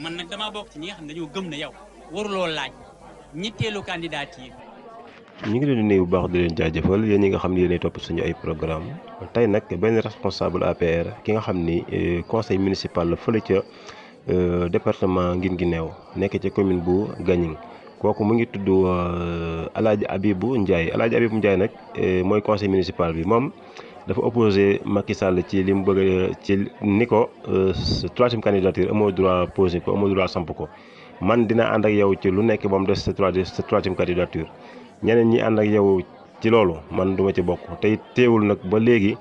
man nag damaa bokk ci ñi nga xam ne dañoo gëm ne yow waruloo laaj ñetteelu candidat yi. ñu ngi leen di nuyu bu baax di leen jaajëfal yéen ñi nga xam ne yéenay topp suñu ay programme tey nag benn responsable APR ki nga xam ni euh, conseil municipal la fële ca euh, département Guinguinéo nekk ca commune bu Gagning kooku mu ngi tudd El euh, Hadj Abibou Ndiaye El Hadj Abibou Ndiaye nag mooy conseil municipal bi moom. dafa opposé Macky Sall ci li mu bëgg ci ni ko euh, troisième candidature amoo droit posé ko amoo droit samp ko man dina ànd ak yow ci lu nekk ba mu des sa sa troisième candidature ñeneen ñi ànd ak yow ci loolu man duma ci bokk tey teewul nag ba léegi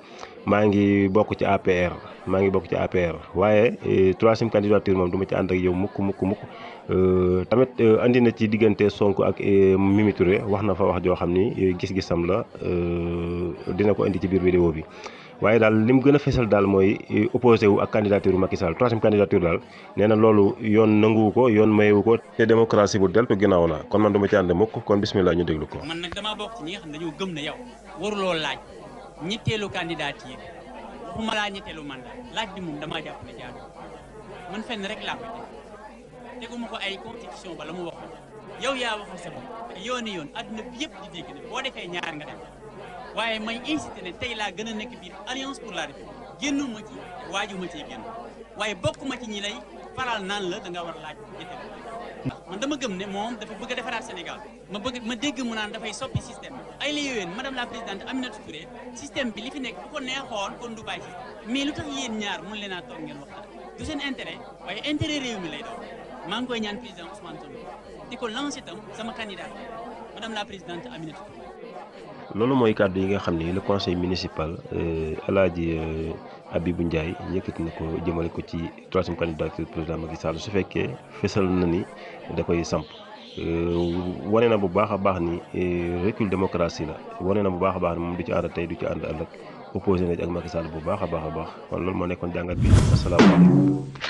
maa ngi bokk ci APR maa ngi bokk ci APR waaye eh, troisième candidature moom duma ci ànd ak yow mukk mukk mukk euh, tamit euh, andi na ci diggante sonk ak eh, Mimi Touré wax na fa wax joo xam ni eh, gis-gisam la euh, dina ko indi ci biir vidéo bi waaye daal li mu gën a fesal daal mooy opposé wu ak candidature Macky Sall troisième daal nee na loolu yoon nanguwu ko yoon mayewu ko te démocratie bu deltu ginnaaw la kon man du ci ànd mukk kon bismillah ñu déglu ko. ñetteelu candidat yi bu ma laa ñetteelu mandat laaj bi moom damaa jàpp ne jaadu man fenn rek laa ko teg teguma ko ay constitution ba la mu waxoon yow yaa waxal sa bopp yooni yoon àdduna bi yëpp di boo defee ñaar nga dem waaye may incité ne tey laa gën a nekk biir alliance pour la république génnu ma ci waaju ma génn waaye bokk ma ci ñi lay faral naan la da nga war laaj ñetteel man dama gëm ne moom dafa bëgg a defaraat Sénégal ma bëgg ma dégg mu naan dafay soppi système ay la yoween madame la présidente Aminata Touré système bi li fi nekk ko neexoon kon du bàyyi mais lu tax yéen ñaar mun leen a toog ngeen waxtaan du seen intérêt waaye intérêt réew mi lay doon maa ngi koy ñaan président Ousmane Sonko di ko lancé itam sama ma madame la présidente Aminata Touré loolu mooy kàddu yi nga xam ni le conseil municipal euh, El Hadj euh, Abibou Ndiaye yëkkati na ko jëmale ko ci troisième candidature président Macky Sall su fekkee fësal na ni da koy samp euh, wane na bu baax a baax ni recul démocratie la wane na bu baax a baax ni moom du ci ànd tey du ci ànd ëllëg opposé na ci ak Macky bu baax a baax a baax kon loolu moo nekkoon jàngat bi asalaamaaleykum.